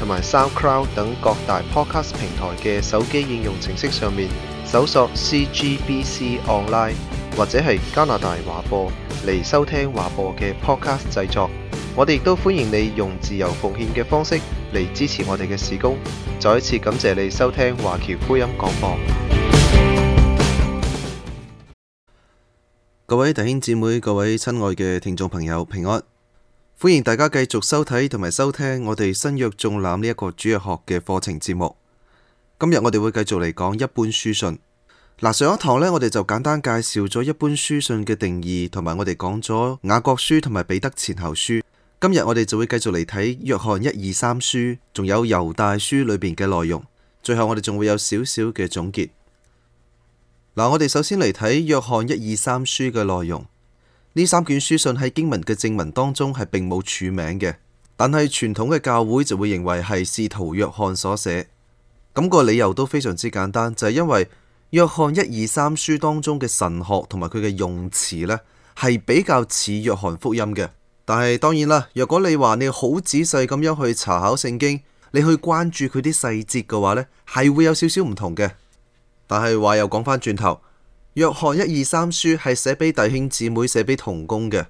同埋 SoundCloud 等各大 Podcast 平台嘅手機應用程式上面，搜索 CGBC Online 或者係加拿大華播嚟收聽華播嘅 Podcast 製作。我哋亦都歡迎你用自由奉獻嘅方式嚟支持我哋嘅事工。再一次感謝你收聽華僑福音廣播。各位弟兄姊妹，各位親愛嘅聽眾朋友，平安。歡迎大家繼續收睇同埋收聽我哋新約縱覽呢一個主日學嘅課程節目。今日我哋會繼續嚟講一般書信。嗱，上一堂呢，我哋就簡單介紹咗一般書信嘅定義，同埋我哋講咗雅各書同埋彼得前後書。今日我哋就會繼續嚟睇約翰一二三書，仲有猶大書裏邊嘅內容。最後我哋仲會有少少嘅總結。嗱，我哋首先嚟睇約翰一二三書嘅內容。呢三卷書信喺經文嘅正文當中係並冇署名嘅，但係傳統嘅教會就會認為係使徒約翰所寫。咁、這個理由都非常之簡單，就係、是、因為約翰一二三書當中嘅神學同埋佢嘅用詞呢，係比較似約翰福音嘅。但係當然啦，若果你話你好仔細咁樣去查考聖經，你去關注佢啲細節嘅話呢，係會有少少唔同嘅。但係話又講返轉頭。約翰一二三書係寫俾弟兄姊妹，寫俾同工嘅，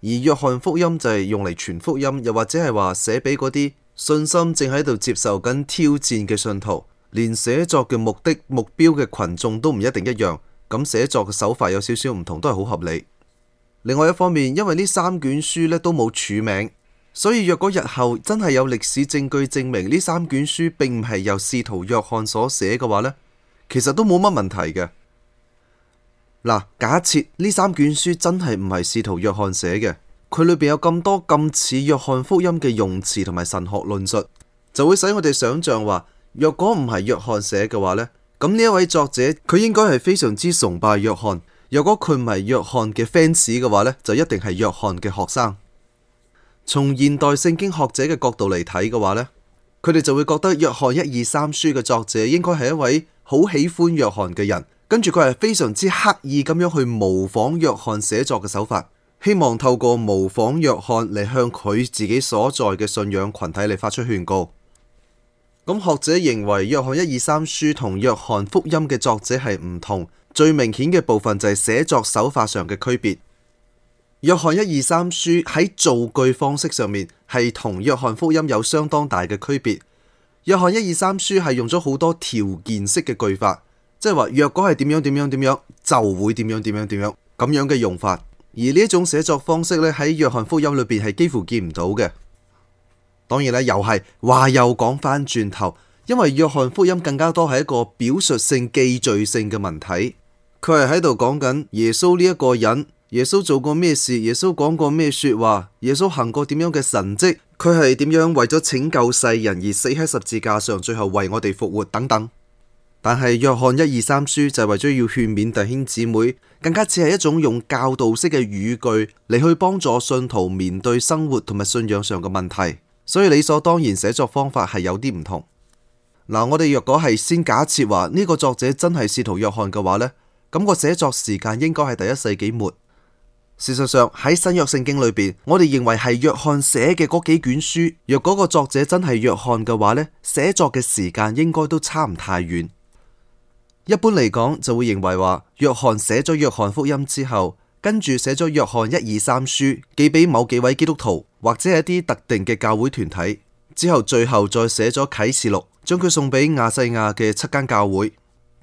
而約翰福音就係用嚟傳福音，又或者係話寫俾嗰啲信心正喺度接受緊挑戰嘅信徒，連寫作嘅目的、目標嘅群眾都唔一定一樣，咁寫作嘅手法有少少唔同，都係好合理。另外一方面，因為呢三卷書咧都冇署名，所以若果日後真係有歷史證據證明呢三卷書並唔係由使徒約翰所寫嘅話呢，其實都冇乜問題嘅。嗱，假設呢三卷書真係唔係使徒約翰寫嘅，佢裏邊有咁多咁似約翰福音嘅用詞同埋神學論述，就會使我哋想象話，若果唔係約翰寫嘅話呢，咁呢一位作者佢應該係非常之崇拜約翰。若果佢唔係約翰嘅 fans 嘅話呢，就一定係約翰嘅學生。從現代聖經學者嘅角度嚟睇嘅話呢，佢哋就會覺得約翰一二三書嘅作者應該係一位好喜歡約翰嘅人。跟住佢係非常之刻意咁樣去模仿約翰寫作嘅手法，希望透過模仿約翰嚟向佢自己所在嘅信仰群體嚟發出勸告。咁，嗯，學者認為，約翰一二三書同約翰福音嘅作者係唔同，最明顯嘅部分就係寫作手法上嘅區別。約翰一二三書喺造句方式上面係同約翰福音有相當大嘅區別。約翰一二三書係用咗好多條件式嘅句法。即係話，若果係點樣點樣點樣，就會點樣點樣點樣咁樣嘅用法。而呢一種寫作方式咧，喺約翰福音裏邊係幾乎見唔到嘅。當然咧，又係話又講翻轉頭，因為約翰福音更加多係一個表述性、記敘性嘅文體。佢係喺度講緊耶穌呢一個人，耶穌做過咩事，耶穌講過咩說話，耶穌行過點樣嘅神蹟，佢係點樣為咗拯救世人而死喺十字架上，最後為我哋復活等等。但係，約翰一二三書就係為咗要勸勉弟兄姊妹，更加似係一種用教導式嘅語句嚟去幫助信徒面對生活同埋信仰上嘅問題，所以理所當然寫作方法係有啲唔同。嗱，我哋若果係先假設話呢個作者真係使徒約翰嘅話呢，咁、咁個寫作時間應該係第一世紀末。事實上喺新約聖經裏邊，我哋認為係約翰寫嘅嗰幾卷書，若嗰個作者真係約翰嘅話呢，寫作嘅時間應該都差唔太遠。一般嚟講，就會認為話約翰寫咗約翰福音之後，跟住寫咗約翰一二三書，寄俾某幾位基督徒或者係一啲特定嘅教會團體，之後最後再寫咗啟示錄，將佢送俾亞細亞嘅七間教會。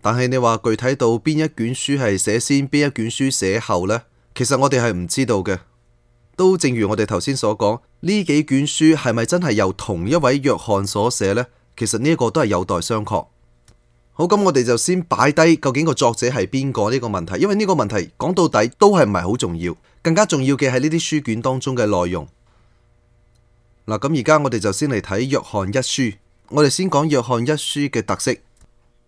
但係你話具體到邊一卷書係寫先，邊一卷書寫後呢？其實我哋係唔知道嘅。都正如我哋頭先所講，呢幾卷書係咪真係由同一位約翰所寫呢？其實呢一個都係有待商榷。好，咁我哋就先擺低究竟個作者係邊個呢個問題，因為呢個問題講到底都係唔係好重要，更加重要嘅係呢啲書卷當中嘅內容。嗱、啊，咁而家我哋就先嚟睇約翰一書，我哋先講約翰一書嘅特色。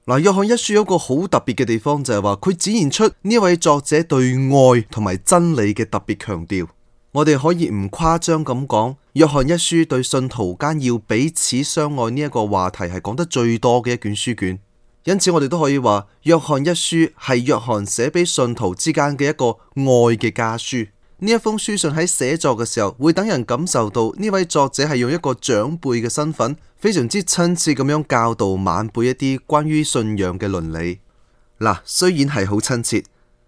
嗱、啊，約翰一書有一個好特別嘅地方就係話，佢展現出呢位作者對愛同埋真理嘅特別強調。我哋可以唔誇張咁講，約翰一書對信徒間要彼此相愛呢一個話題係講得最多嘅一卷書卷。因此，我哋都可以話，約翰一書係約翰寫俾信徒之間嘅一個愛嘅家書。呢一封書信喺寫作嘅時候，會等人感受到呢位作者係用一個長輩嘅身份，非常之親切咁樣教導晚輩一啲關於信仰嘅倫理。嗱，雖然係好親切，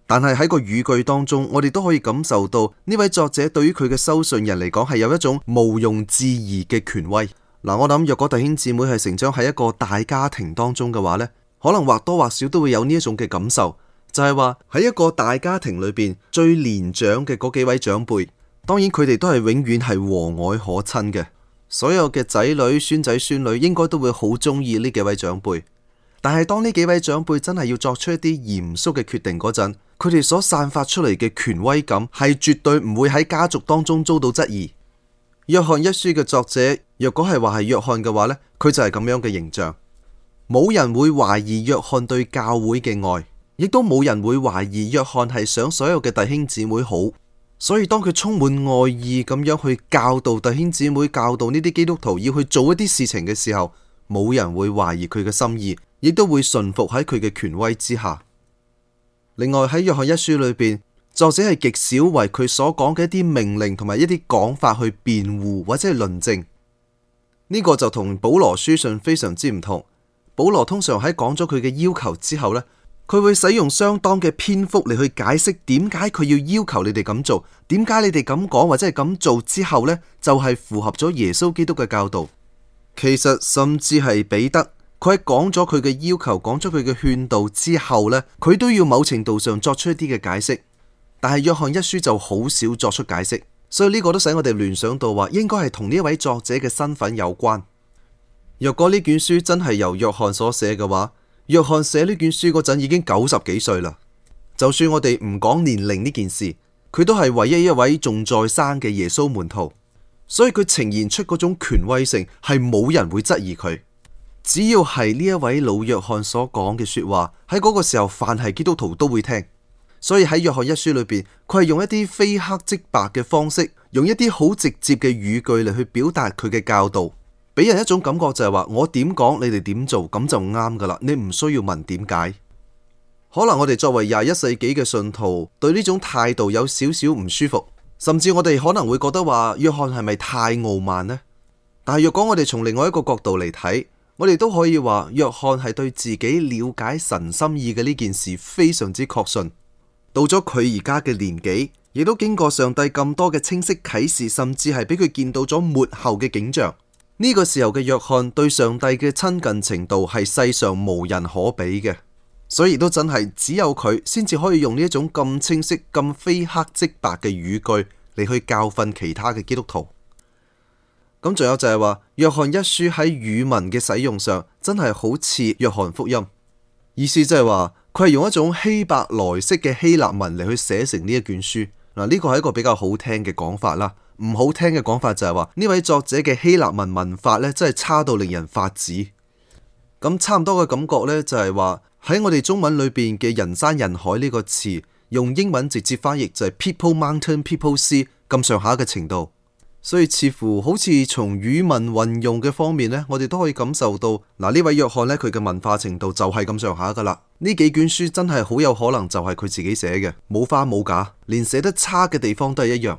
但係喺個語句當中，我哋都可以感受到呢位作者對於佢嘅收信人嚟講，係有一種毋庸置疑嘅權威。嗱，我諗若果弟兄姊妹係成長喺一個大家庭當中嘅話呢。可能或多或少都會有呢一種嘅感受，就係話喺一個大家庭裏邊，最年長嘅嗰幾位長輩，當然佢哋都係永遠係和藹可親嘅。所有嘅仔女、孫仔、孫女應該都會好中意呢幾位長輩。但係當呢幾位長輩真係要作出一啲嚴肅嘅決定嗰陣，佢哋所散發出嚟嘅權威感係絕對唔會喺家族當中遭到質疑。約翰一書嘅作者，若果係話係約翰嘅話呢，佢就係咁樣嘅形象。冇人會懷疑約翰對教會嘅愛，亦都冇人會懷疑約翰係想所有嘅弟兄姊妹好。所以當佢充滿愛意咁樣去教導弟兄姊妹、教導呢啲基督徒要去做一啲事情嘅時候，冇人會懷疑佢嘅心意，亦都會順服喺佢嘅權威之下。另外喺約翰一書裏邊，作者係極少為佢所講嘅一啲命令同埋一啲講法去辯護或者係論證，呢個就同保羅書信非常之唔同。保羅通常喺講咗佢嘅要求之後呢，佢會使用相當嘅篇幅嚟去解釋點解佢要要求你哋咁做，點解你哋咁講或者係咁做之後呢，就係符合咗耶穌基督嘅教導。其實甚至係彼得，佢喺講咗佢嘅要求、講咗佢嘅勸導之後呢，佢都要某程度上作出一啲嘅解釋。但係約翰一書就好少作出解釋，所以呢個都使我哋聯想到話，應該係同呢位作者嘅身份有關。若果呢卷書真係由約翰所寫嘅話，約翰寫呢卷書嗰陣已經九十幾歲啦。就算我哋唔講年齡呢件事，佢都係唯一一位仲在生嘅耶穌門徒，所以佢呈現出嗰種權威性，係冇人會質疑佢。只要係呢一位老約翰所講嘅說話，喺嗰個時候凡係基督徒都會聽。所以喺約翰一書裏邊，佢係用一啲非黑即白嘅方式，用一啲好直接嘅語句嚟去表達佢嘅教導。俾人一種感覺就係話，我點講你哋點做咁就啱噶啦。你唔需要問點解。可能我哋作為廿一世紀嘅信徒，對呢種態度有少少唔舒服，甚至我哋可能會覺得話約翰係咪太傲慢呢？但係若果我哋從另外一個角度嚟睇，我哋都可以話約翰係對自己了解神心意嘅呢件事非常之確信。到咗佢而家嘅年紀，亦都經過上帝咁多嘅清晰啟示，甚至係俾佢見到咗末後嘅景象。呢個時候嘅約翰對上帝嘅親近程度係世上無人可比嘅，所以亦都真係只有佢先至可以用呢一種咁清晰、咁非黑即白嘅語句嚟去教訓其他嘅基督徒。咁仲有就係話，約翰一書喺語文嘅使用上真係好似約翰福音，意思即係話佢係用一種希伯來式嘅希臘文嚟去寫成呢一卷書。嗱，呢個係一個比較好聽嘅講法啦。唔好聽嘅講法就係話呢位作者嘅希臘文文法咧，真係差到令人發指。咁差唔多嘅感覺呢，就係話喺我哋中文裏邊嘅人山人海呢個詞，用英文直接翻譯就係 people mountain people sea 咁上下嘅程度。所以似乎好似從語文運用嘅方面呢，我哋都可以感受到。嗱，呢位約翰呢，佢嘅文化程度就係咁上下噶啦。呢幾卷書真係好有可能就係佢自己寫嘅，冇花冇假，連寫得差嘅地方都係一樣。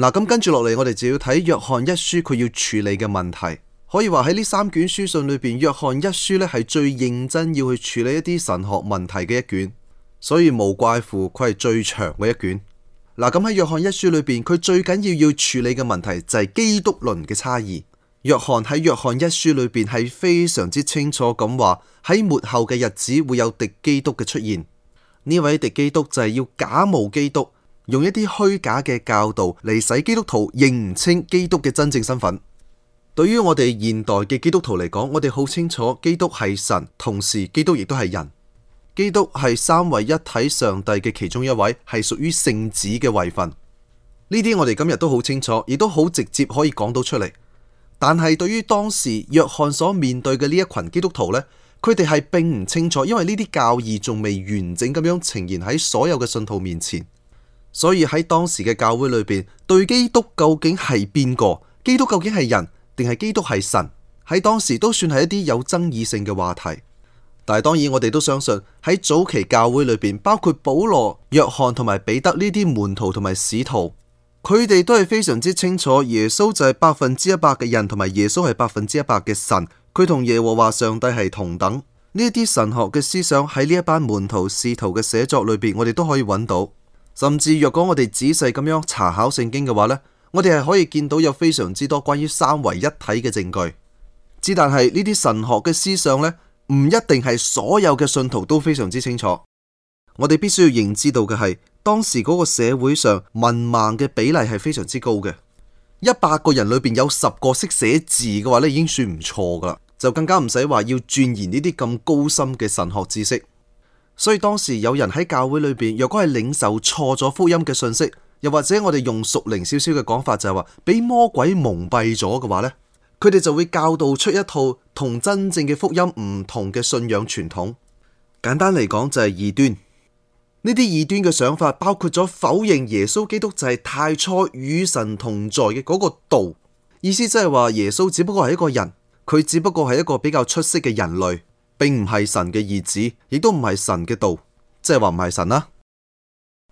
嗱，咁跟住落嚟，我哋就要睇約翰一書佢要處理嘅問題。可以話喺呢三卷書信裏邊，約翰一書咧係最認真要去處理一啲神學問題嘅一卷，所以無怪乎佢係最長嘅一卷。嗱，咁喺約翰一書裏邊，佢最緊要要處理嘅問題就係基督論嘅差異。約翰喺約翰一書裏邊係非常之清楚咁話，喺末後嘅日子會有敵基督嘅出現。呢位敵基督就係要假冒基督。用一啲虛假嘅教導嚟使基督徒認唔清基督嘅真正身份。對於我哋現代嘅基督徒嚟講，我哋好清楚基督係神，同時基督亦都係人。基督係三位一體上帝嘅其中一位，係屬於聖子嘅位份。呢啲我哋今日都好清楚，亦都好直接可以講到出嚟。但係對於當時約翰所面對嘅呢一群基督徒呢，佢哋係並唔清楚，因為呢啲教義仲未完整咁樣呈現喺所有嘅信徒面前。所以喺當時嘅教會裏邊，對基督究竟係邊個？基督究竟係人定係基督係神？喺當時都算係一啲有爭議性嘅話題。但係當然，我哋都相信喺早期教會裏邊，包括保羅、約翰同埋彼得呢啲門徒同埋使徒，佢哋都係非常之清楚，耶穌就係百分之一百嘅人，同埋耶穌係百分之一百嘅神。佢同耶和華上帝係同等。呢一啲神學嘅思想喺呢一班門徒使徒嘅寫作裏邊，我哋都可以揾到。甚至若果我哋仔細咁樣查考聖經嘅話呢，我哋係可以見到有非常之多關於三位一體嘅證據。之但係呢啲神學嘅思想呢，唔一定係所有嘅信徒都非常之清楚。我哋必須要認知到嘅係，當時嗰個社會上文盲嘅比例係非常之高嘅，一百個人裏邊有十個識寫字嘅話呢，已經算唔錯噶啦，就更加唔使話要鑽研呢啲咁高深嘅神學知識。所以當時有人喺教會裏邊，若果係領受錯咗福音嘅信息，又或者我哋用屬靈少少嘅講法，就係話俾魔鬼蒙蔽咗嘅話呢，佢哋就會教導出一套同真正嘅福音唔同嘅信仰傳統。簡單嚟講就係異端。呢啲異端嘅想法包括咗否認耶穌基督就係太初與神同在嘅嗰個道，意思即係話耶穌只不過係一個人，佢只不過係一個比較出色嘅人類。並唔係神嘅兒子，亦都唔係神嘅道，即係話唔係神啦，啊。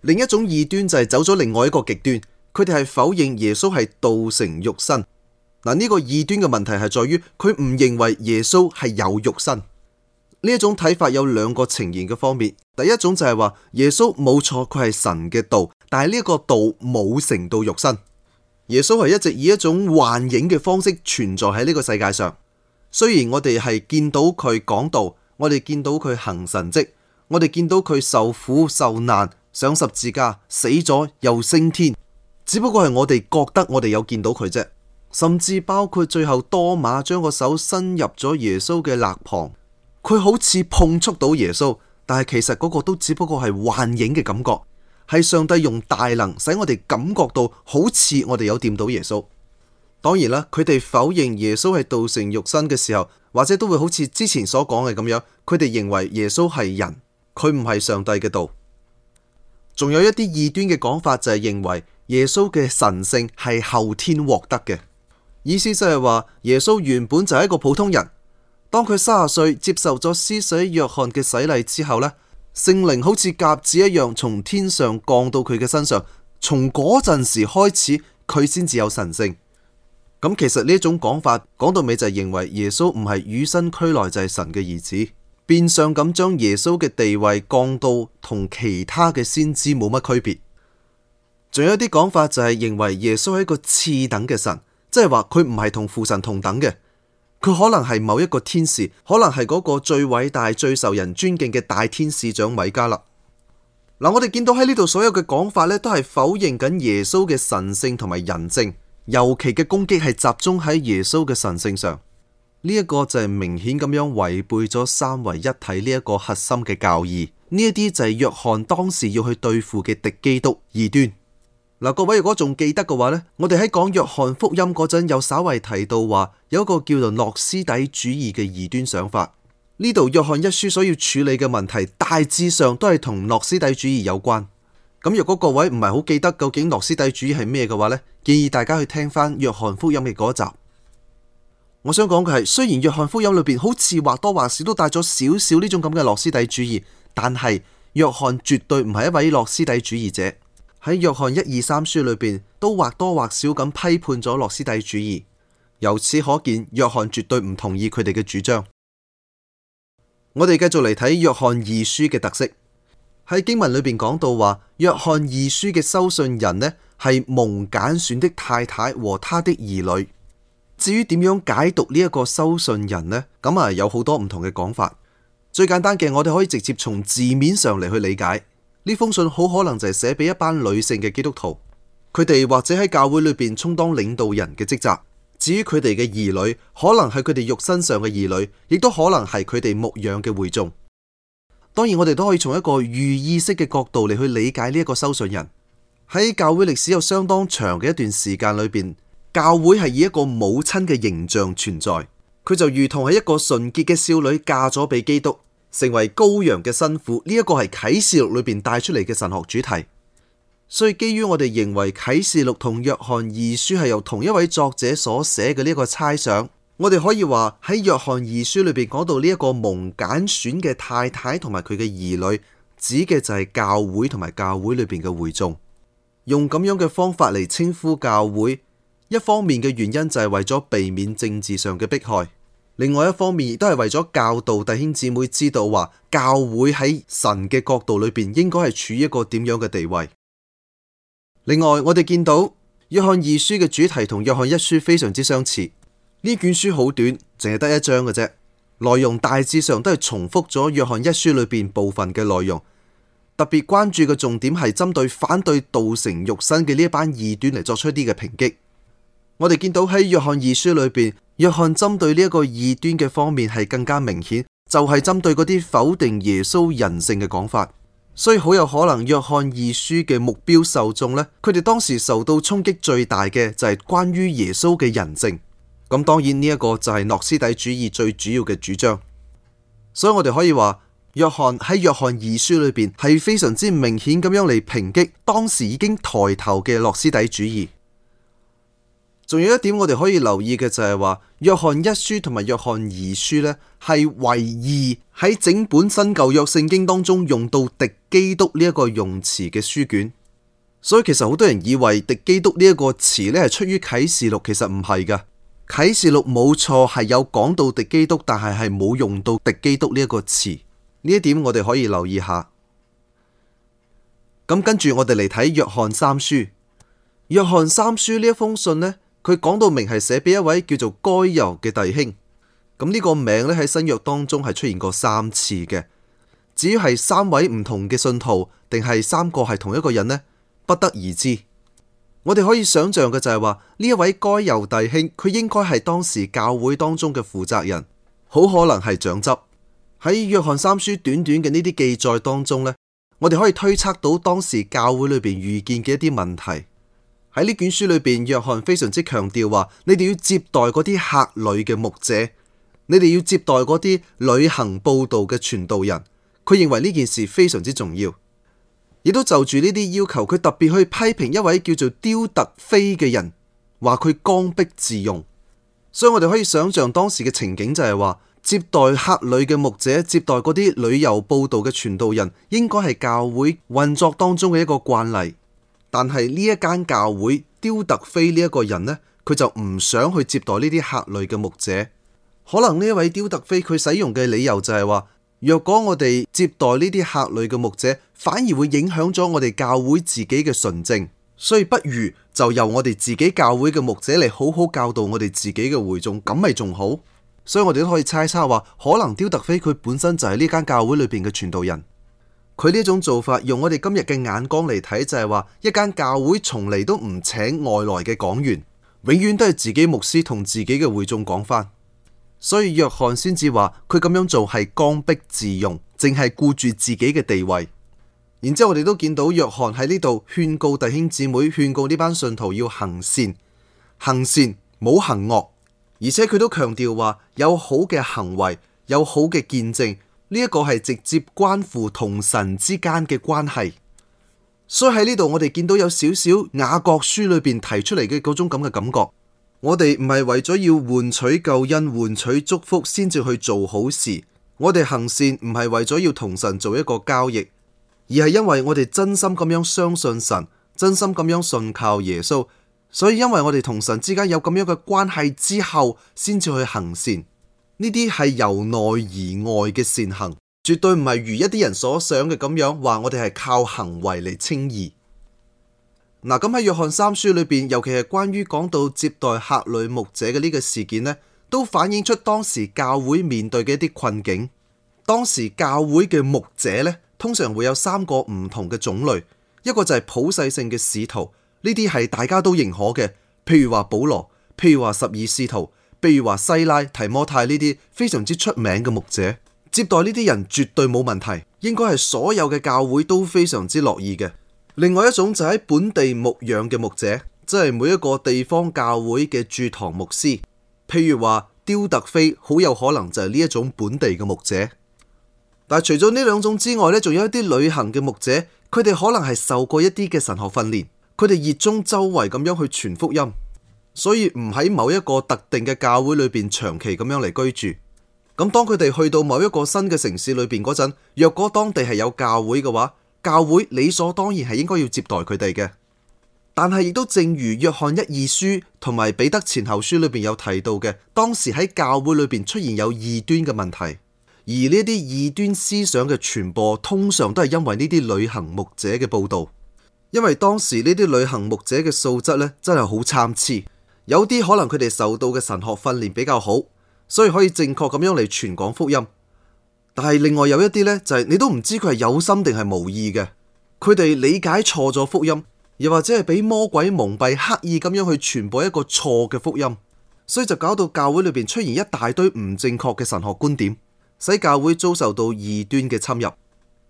另一種異端就係走咗另外一個極端，佢哋係否認耶穌係道成肉身。嗱，呢個異端嘅問題係在於佢唔認為耶穌係有肉身。呢一種睇法有兩個呈現嘅方面。第一種就係話耶穌冇錯，佢係神嘅道，但係呢一個道冇成到肉身。耶穌係一直以一種幻影嘅方式存在喺呢個世界上。雖然我哋係見到佢講道，我哋見到佢行神蹟，我哋見到佢受苦受難，上十字架死咗又升天，只不過係我哋覺得我哋有見到佢啫。甚至包括最後多馬將個手伸入咗耶穌嘅肋旁，佢好似碰觸到耶穌，但係其實嗰個都只不過係幻影嘅感覺，係上帝用大能使我哋感覺到好似我哋有掂到耶穌。當然啦，佢哋否認耶穌係道成肉身嘅時候，或者都會好似之前所講嘅咁樣，佢哋認為耶穌係人，佢唔係上帝嘅道。仲有一啲異端嘅講法就係認為耶穌嘅神性係後天獲得嘅，意思就係話耶穌原本就係一個普通人。當佢三十歲接受咗施洗約翰嘅洗禮之後呢，聖靈好似鴿子一樣從天上降到佢嘅身上，從嗰陣時開始佢先至有神性。咁其實呢一種講法講到尾就係認為耶穌唔係與生俱來就係、是、神嘅兒子，變相咁將耶穌嘅地位降到同其他嘅先知冇乜區別。仲有一啲講法就係認為耶穌係一個次等嘅神，即係話佢唔係同父神同等嘅，佢可能係某一個天使，可能係嗰個最偉大最受人尊敬嘅大天使長米迦勒。嗱、嗯，我哋見到喺呢度所有嘅講法呢，都係否認緊耶穌嘅神性同埋人性。尤其嘅攻擊係集中喺耶穌嘅神性上，呢一個就係明顯咁樣違背咗三位一體呢一個核心嘅教義。呢一啲就係約翰當時要去對付嘅敵基督異端。嗱，各位如果仲記得嘅話呢，我哋喺講約翰福音嗰陣，有稍為提到話有一個叫做諾斯底主義嘅異端想法。呢度約翰一書所要處理嘅問題，大致上都係同諾斯底主義有關。咁若果各位唔係好記得究竟諾斯底主義係咩嘅話呢，建議大家去聽翻約翰福音嘅嗰一集。我想講嘅係，雖然約翰福音裏邊好似或多或少都帶咗少少呢種咁嘅諾斯底主義，但係約翰絕對唔係一位諾斯底主義者。喺約翰一二三書裏邊都或多或少咁批判咗諾斯底主義，由此可見約翰絕對唔同意佢哋嘅主張。我哋繼續嚟睇約翰二書嘅特色。喺經文裏邊講到話，約翰二書嘅收信人呢係蒙揀選的太太和她的兒女。至於點樣解讀呢一個收信人呢，咁、嗯、啊有好多唔同嘅講法。最簡單嘅，我哋可以直接從字面上嚟去理解。呢封信好可能就係寫俾一班女性嘅基督徒，佢哋或者喺教會裏邊充當領導人嘅職責。至於佢哋嘅兒女，可能係佢哋肉身上嘅兒女，亦都可能係佢哋牧養嘅會眾。.當然，我哋都可以從一個寓意式嘅角度嚟去理解呢一個收信人。喺教會歷史有相當長嘅一段時間裏邊，教會係以一個母親嘅形象存在，佢就如同係一個純潔嘅少女嫁咗俾基督，成為羔羊嘅新婦。呢、這、一個係啟示錄裏邊帶出嚟嘅神學主題。所以基於我哋認為啟示錄同約翰二書係由同一位作者所寫嘅呢一個猜想。我哋可以話喺約翰二書裏邊講到呢一個蒙揀選嘅太太同埋佢嘅兒女，指嘅就係教會同埋教會裏邊嘅會眾，用咁樣嘅方法嚟稱呼教會。一方面嘅原因就係為咗避免政治上嘅迫害，另外一方面亦都係為咗教導弟兄姊妹知道話教會喺神嘅角度裏邊應該係處於一個點樣嘅地位。另外，我哋見到約翰二書嘅主題同約翰一書非常之相似。呢卷書好短，淨係得一章嘅啫。內容大致上都係重複咗《約翰一書》裏邊部分嘅內容。特別關注嘅重點係針對反對道成肉身嘅呢一班異端嚟，作出一啲嘅抨擊。我哋見到喺《約翰二書》裏邊，約翰針對呢一個異端嘅方面係更加明顯，就係、是、針對嗰啲否定耶穌人性嘅講法。所以好有可能《約翰二書》嘅目標受眾呢，佢哋當時受到衝擊最大嘅就係關於耶穌嘅人性。咁當然呢一個就係諾斯底主義最主要嘅主張，所以我哋可以話約翰喺約翰二書裏邊係非常之明顯咁樣嚟抨擊當時已經抬頭嘅諾斯底主義。仲有一點我哋可以留意嘅就係話約翰一書同埋約翰二書呢係唯二喺整本新舊約聖經當中用到敵基督呢一個用詞嘅書卷，所以其實好多人以為敵基督呢一個詞呢係出於啟示錄，其實唔係噶啟示錄冇錯係有講到敵基督，但係係冇用到敵基督呢一個詞，呢一點我哋可以留意下。咁跟住我哋嚟睇約翰三書。約翰三書呢一封信呢，佢講到明係寫俾一位叫做該猶嘅弟兄。咁呢個名呢，喺新約當中係出現過三次嘅。至於係三位唔同嘅信徒，定係三個係同一個人呢？不得而知。我哋可以想象嘅就係話呢一位該猶弟兄，佢應該係當時教會當中嘅負責人，好可能係長執。喺約翰三書短短嘅呢啲記載當中呢，我哋可以推測到當時教會裏邊遇見嘅一啲問題。喺呢卷書裏邊，約翰非常之強調話，你哋要接待嗰啲客旅嘅牧者，你哋要接待嗰啲旅行佈道嘅傳道人。佢認為呢件事非常之重要。亦都就住呢啲要求，佢特別去批評一位叫做丟特腓嘅人，話佢剛愎自用。所以我哋可以想象當時嘅情景就係話，接待客旅嘅牧者，接待嗰啲旅遊報道嘅傳道人，應該係教會運作當中嘅一個慣例。但係呢一間教會，丟特腓呢一個人呢，佢就唔想去接待呢啲客旅嘅牧者。可能呢一位丟特腓佢使用嘅理由就係話。若果我哋接待呢啲客旅嘅牧者，反而會影響咗我哋教會自己嘅純正，所以不如就由我哋自己教會嘅牧者嚟好好教導我哋自己嘅會眾，咁咪仲好。所以我哋都可以猜測話，可能丟特腓佢本身就係呢間教會裏邊嘅傳道人，佢呢種做法用我哋今日嘅眼光嚟睇，就係、是、話一間教會從嚟都唔請外來嘅講員，永遠都係自己牧師同自己嘅會眾講返。所以約翰先至話佢咁樣做係剛愎自用，淨係顧住自己嘅地位。然之後我哋都見到約翰喺呢度勸告弟兄姊妹，勸告呢班信徒要行善，行善冇行惡。而且佢都強調話有好嘅行為，有好嘅見證，呢一個係直接關乎同神之間嘅關係。所以喺呢度我哋見到有少少雅各書裏邊提出嚟嘅嗰種咁嘅感覺。我哋唔係為咗要換取救恩、換取祝福先至去做好事，我哋行善唔係為咗要同神做一個交易，而係因為我哋真心咁樣相信神，真心咁樣信靠耶穌，所以因為我哋同神之間有咁樣嘅關係之後，先至去行善。呢啲係由內而外嘅善行，絕對唔係如一啲人所想嘅咁樣，話我哋係靠行為嚟稱義。嗱，咁喺約翰三書裏邊，尤其係關於講到接待客旅牧者嘅呢個事件呢，都反映出當時教會面對嘅一啲困境。當時教會嘅牧者呢，通常會有三個唔同嘅種類，一個就係普世性嘅使徒，呢啲係大家都認可嘅，譬如話保羅，譬如話十二使徒，譬如話西拉、提摩太呢啲非常之出名嘅牧者，接待呢啲人絕對冇問題，應該係所有嘅教會都非常之樂意嘅。另外一種就喺本地牧養嘅牧者，即係每一個地方教會嘅駐堂牧師。譬如話，丟特腓好有可能就係呢一種本地嘅牧者。但係除咗呢兩種之外呢，仲有一啲旅行嘅牧者，佢哋可能係受過一啲嘅神學訓練，佢哋熱衷周圍咁樣去傳福音，所以唔喺某一個特定嘅教會裏邊長期咁樣嚟居住。咁當佢哋去到某一個新嘅城市裏邊嗰陣，若果當地係有教會嘅話，教會理所當然係應該要接待佢哋嘅，但係亦都正如約翰一二書同埋彼得前後書裏邊有提到嘅，當時喺教會裏邊出現有異端嘅問題，而呢啲異端思想嘅傳播，通常都係因為呢啲旅行牧者嘅報道，因為當時呢啲旅行牧者嘅素質咧真係好參差，有啲可能佢哋受到嘅神學訓練比較好，所以可以正確咁樣嚟傳講福音。但係另外有一啲呢，就係、是、你都唔知佢係有心定係無意嘅。佢哋理解錯咗福音，又或者係俾魔鬼蒙蔽，刻意咁樣去傳播一個錯嘅福音，所以就搞到教會裏邊出現一大堆唔正確嘅神學觀點，使教會遭受到異端嘅侵入。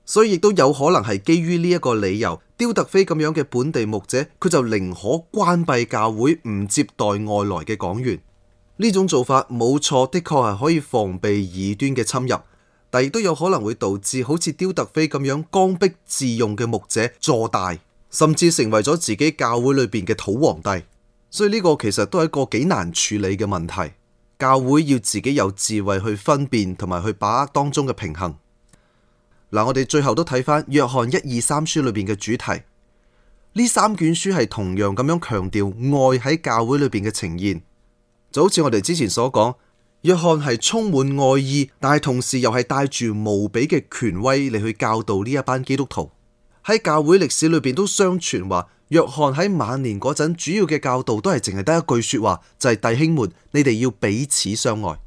所以亦都有可能係基於呢一個理由，丟特腓咁樣嘅本地牧者，佢就寧可關閉教會，唔接待外來嘅講員。呢種做法冇錯，的確係可以防備異端嘅侵入。但亦都有可能會導致好似丟特腓咁樣剛愎自用嘅牧者坐大，甚至成為咗自己教會裏邊嘅土皇帝，所以呢個其實都係一個幾難處理嘅問題。教會要自己有智慧去分辨同埋去把握當中嘅平衡。嗱，我哋最後都睇返約翰一二三書裏邊嘅主題，呢三卷書係同樣咁樣強調愛喺教會裏邊嘅呈現，就好似我哋之前所講。約翰係充滿愛意，但係同時又係帶住無比嘅權威嚟去教導呢一班基督徒。喺教會歷史裏邊都相傳話，約翰喺晚年嗰陣主要嘅教導都係淨係得一句說話，就係弟兄們，你哋要彼此相愛。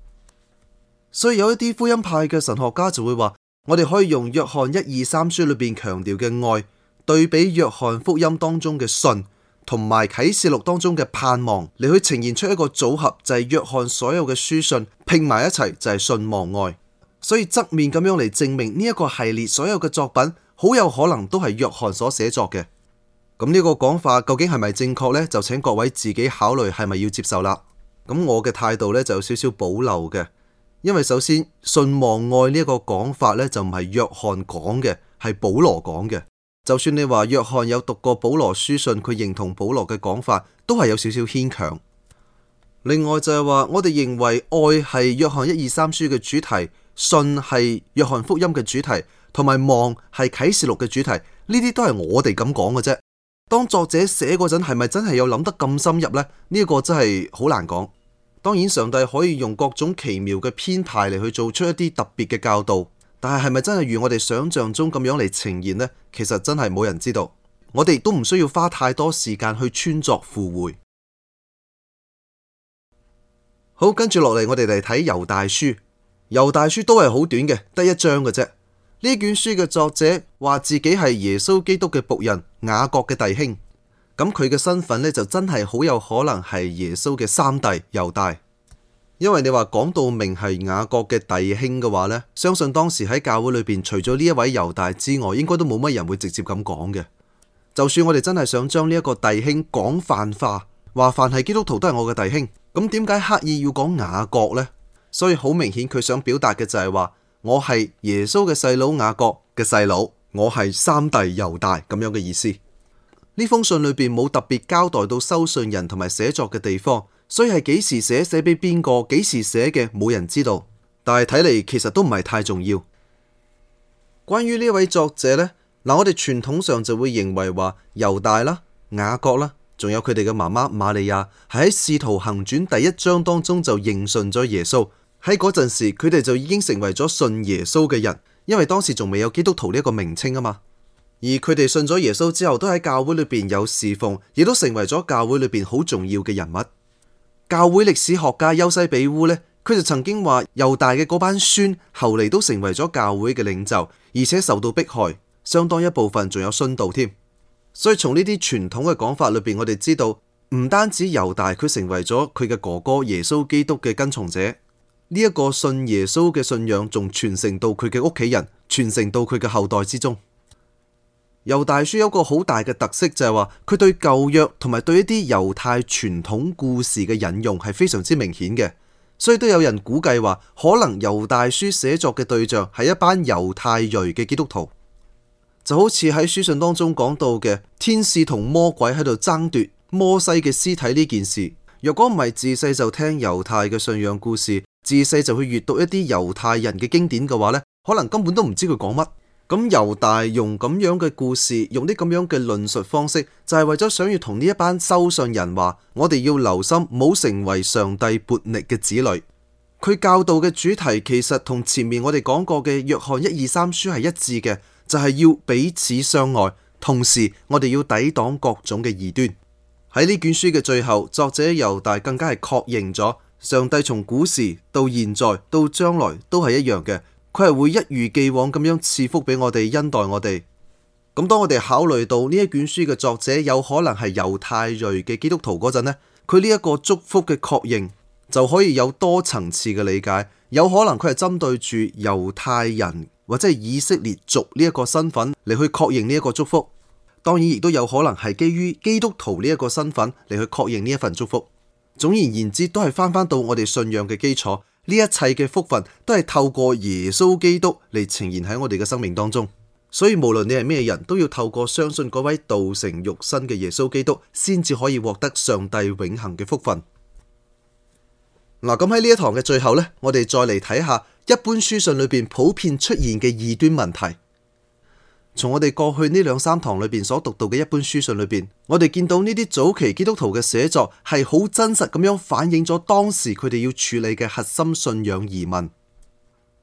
所以有一啲福音派嘅神學家就會話，我哋可以用約翰一二三書裏邊強調嘅愛，對比約翰福音當中嘅信。同埋啟示錄當中嘅盼望嚟去呈現出一個組合，就係、是、約翰所有嘅書信拼埋一齊就係信望愛，所以側面咁樣嚟證明呢一個系列所有嘅作品好有可能都係約翰所寫作嘅。咁、嗯、呢、這個講法究竟係咪正確呢？就請各位自己考慮係咪要接受啦。咁、嗯、我嘅態度咧就有少少保留嘅，因為首先信望愛呢一個講法咧就唔係約翰講嘅，係保羅講嘅。就算你話約翰有讀過保羅書信，佢認同保羅嘅講法，都係有少少牽強。另外就係話，我哋認為愛係約翰一二三書嘅主題，信係約翰福音嘅主題，同埋望係啟示錄嘅主題，呢啲都係我哋咁講嘅啫。當作者寫嗰陣，係咪真係有諗得咁深入呢？呢個真係好難講。當然，上帝可以用各種奇妙嘅編排嚟去做出一啲特別嘅教導。但係係咪真係如我哋想象中咁樣嚟呈現呢？其實真係冇人知道。我哋都唔需要花太多時間去穿鑿附會。好，跟住落嚟，我哋嚟睇猶大書。猶大書都係好短嘅，得一章嘅啫。呢卷書嘅作者話自己係耶穌基督嘅僕人，雅各嘅弟兄。咁佢嘅身份呢，就真係好有可能係耶穌嘅三弟猶大。因為你話，講到明係雅各嘅弟兄嘅話呢，相信當時喺教會裏邊，除咗呢一位猶大之外，應該都冇乜人會直接咁講嘅。就算我哋真係想將呢一個弟兄廣泛化，話凡係基督徒都係我嘅弟兄，咁點解刻意要講雅各呢？所以好明顯佢想表達嘅就係話，我係耶穌嘅細佬，雅各嘅細佬，我係三弟猶大咁樣嘅意思。呢封信裏邊冇特別交代到收信人同埋寫作嘅地方。所以係幾時寫寫俾邊個？幾時寫嘅冇人知道，但係睇嚟，其實都唔係太重要。關於呢位作者呢，嗱，我哋傳統上就會認為話猶大啦、雅各啦，仲有佢哋嘅媽媽瑪利亞係喺《使徒行傳》第一章當中就認信咗耶穌。喺嗰陣時，佢哋就已經成為咗信耶穌嘅人，因為當時仲未有基督徒呢個名稱啊嘛。而佢哋信咗耶穌之後，都喺教會裏邊有侍奉，亦都成為咗教會裏邊好重要嘅人物。教會歷史學家優西比烏呢，佢就曾經話，猶大嘅嗰班孫後嚟都成為咗教會嘅領袖，而且受到迫害，相當一部分仲有殉道添。所以從呢啲傳統嘅講法裏邊，我哋知道，唔單止猶大佢成為咗佢嘅哥哥耶穌基督嘅跟從者，呢一個信耶穌嘅信仰仲傳承到佢嘅屋企人，傳承到佢嘅後代之中。猶大書有一個好大嘅特色就係話，佢對舊約同埋對一啲猶太傳統故事嘅引用係非常之明顯嘅，所以都有人估計話，可能猶大書寫作嘅對象係一班猶太裔嘅基督徒，就好似喺書信當中講到嘅天使同魔鬼喺度爭奪摩西嘅屍體呢件事。若果唔係自細就聽猶太嘅信仰故事，自細就去閱讀一啲猶太人嘅經典嘅話呢，可能根本都唔知佢講乜。咁猶大用咁樣嘅故事，用啲咁樣嘅論述方式，就係、是、為咗想要同呢一班收信人話，我哋要留心，唔好成為上帝叛逆嘅子女。佢教導嘅主題其實同前面我哋講過嘅約翰一二三書係一致嘅，就係、是、要彼此相愛，同時我哋要抵擋各種嘅異端。喺呢卷書嘅最後，作者猶大更加係確認咗，上帝從古時到現在到將來都係一樣嘅。佢係會一如既往咁樣賜福俾我哋恩待我哋。咁當我哋考慮到呢一卷書嘅作者有可能係猶太裔嘅基督徒嗰陣呢，佢呢一個祝福嘅確認就可以有多層次嘅理解。有可能佢係針對住猶太人或者係以色列族呢一個身份嚟去確認呢一個祝福。當然亦都有可能係基於基督徒呢一個身份嚟去確認呢一份祝福。總而言之，都係翻翻到我哋信仰嘅基礎。呢一切嘅福分都係透過耶穌基督嚟呈現喺我哋嘅生命當中，所以無論你係咩人都要透過相信嗰位道成肉身嘅耶穌基督，先至可以獲得上帝永恆嘅福分。嗱，咁喺呢一堂嘅最後呢，我哋再嚟睇下一般書信裏邊普遍出現嘅異端問題。從我哋過去呢兩三堂裏邊所讀到嘅一般書信裏邊，我哋見到呢啲早期基督徒嘅寫作係好真實咁樣反映咗當時佢哋要處理嘅核心信仰疑問。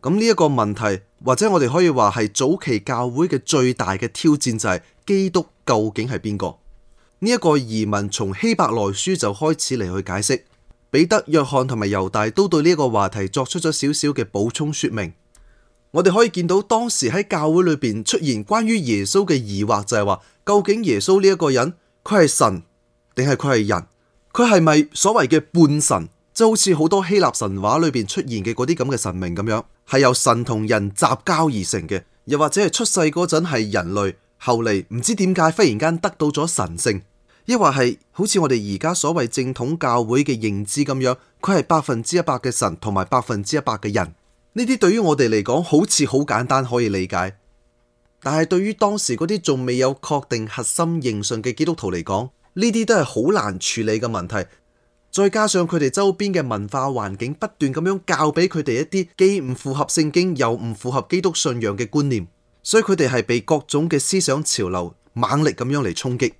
咁呢一個問題，或者我哋可以話係早期教會嘅最大嘅挑戰就係基督究竟係邊個？呢一個疑問從希伯來書就開始嚟去解釋，彼得、約翰同埋猶大都對呢一個話題作出咗少少嘅補充說明。我哋可以見到當時喺教會裏邊出現關於耶穌嘅疑惑，就係話究竟耶穌呢一個人，佢係神定係佢係人？佢係咪所謂嘅半神，就好似好多希臘神話裏邊出現嘅嗰啲咁嘅神明咁樣，係由神同人雜交而成嘅？又或者係出世嗰陣係人類，後嚟唔知點解忽然間得到咗神性？亦或係好似我哋而家所謂正統教會嘅認知咁樣，佢係百分之一百嘅神同埋百分之一百嘅人。呢啲對於我哋嚟講好似好簡單可以理解，但係對於當時嗰啲仲未有確定核心認信嘅基督徒嚟講，呢啲都係好難處理嘅問題。再加上佢哋周邊嘅文化環境不斷咁樣教俾佢哋一啲既唔符合聖經又唔符合基督信仰嘅觀念，所以佢哋係被各種嘅思想潮流猛力咁樣嚟衝擊。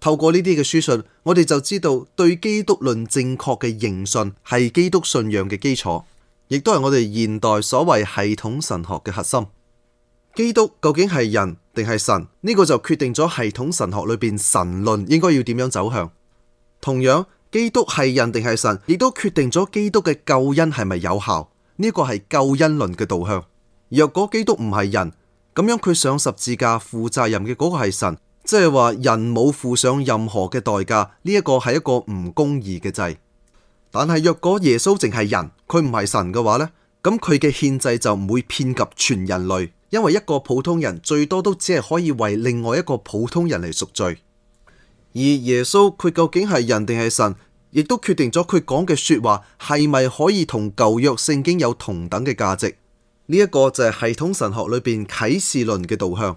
透過呢啲嘅書信，我哋就知道對基督論正確嘅認信係基督信仰嘅基礎。亦都係我哋現代所謂系統神學嘅核心。基督究竟係人定係神？呢個就決定咗系統神學裏邊神論應該要點樣走向。同樣，基督係人定係神，亦都決定咗基督嘅救恩係咪有效？呢個係救恩論嘅導向。若果基督唔係人，咁樣佢上十字架負責任嘅嗰個係神，即係話人冇付上任何嘅代價，呢一個係一個唔公義嘅制。但係若果耶穌淨係人。佢唔係神嘅話呢，咁佢嘅憲制就唔會遍及全人類，因為一個普通人最多都只係可以為另外一個普通人嚟贖罪。而耶穌佢究竟係人定係神，亦都決定咗佢講嘅說話係咪可以同舊約聖經有同等嘅價值？呢一個就係系統神學裏邊啟示論嘅導向。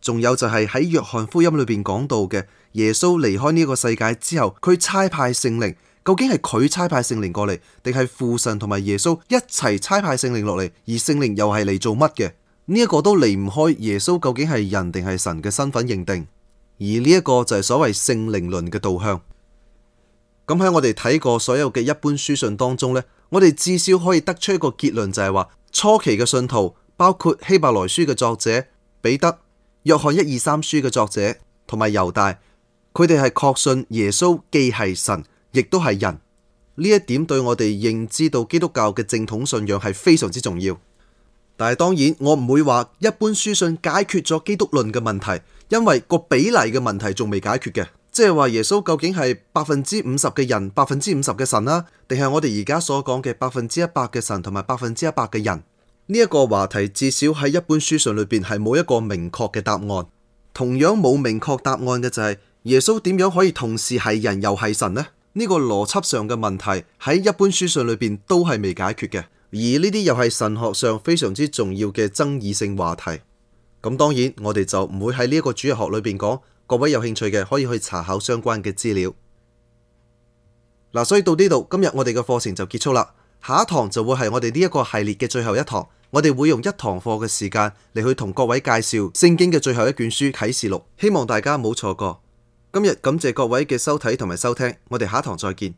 仲有就係喺約翰福音裏邊講到嘅，耶穌離開呢個世界之後，佢差派聖靈。究竟係佢差派聖靈過嚟，定係父神同埋耶穌一齊差派聖靈落嚟？而聖靈又係嚟做乜嘅？呢一個都離唔開耶穌究竟係人定係神嘅身份認定。而呢一個就係所謂聖靈論嘅導向。咁喺我哋睇過所有嘅一般書信當中呢，我哋至少可以得出一個結論就，就係話初期嘅信徒，包括希伯來書嘅作者彼得、約翰一二三書嘅作者同埋猶大，佢哋係確信耶穌既係神。亦都係人呢一點，對我哋認知到基督教嘅正統信仰係非常之重要。但係當然，我唔會話一般書信解決咗基督論嘅問題，因為個比例嘅問題仲未解決嘅，即係話耶穌究竟係百分之五十嘅人，百分之五十嘅神啦、啊，定係我哋而家所講嘅百分之一百嘅神同埋百分之一百嘅人呢？呢個話題至少喺一般書信裏邊係冇一個明確嘅答案，同樣冇明確答案嘅就係耶穌點樣可以同時係人又係神呢？呢個邏輯上嘅問題喺一般書信裏邊都係未解決嘅，而呢啲又係神學上非常之重要嘅爭議性話題。咁當然我哋就唔會喺呢一個主日學裏邊講，各位有興趣嘅可以去查考相關嘅資料。嗱，所以到呢度，今日我哋嘅課程就結束啦。下一堂就會係我哋呢一個系列嘅最後一堂，我哋會用一堂課嘅時間嚟去同各位介紹聖經嘅最後一卷書啟示錄，希望大家冇錯過。今日感謝各位嘅收睇同埋收聽，我哋下堂再見。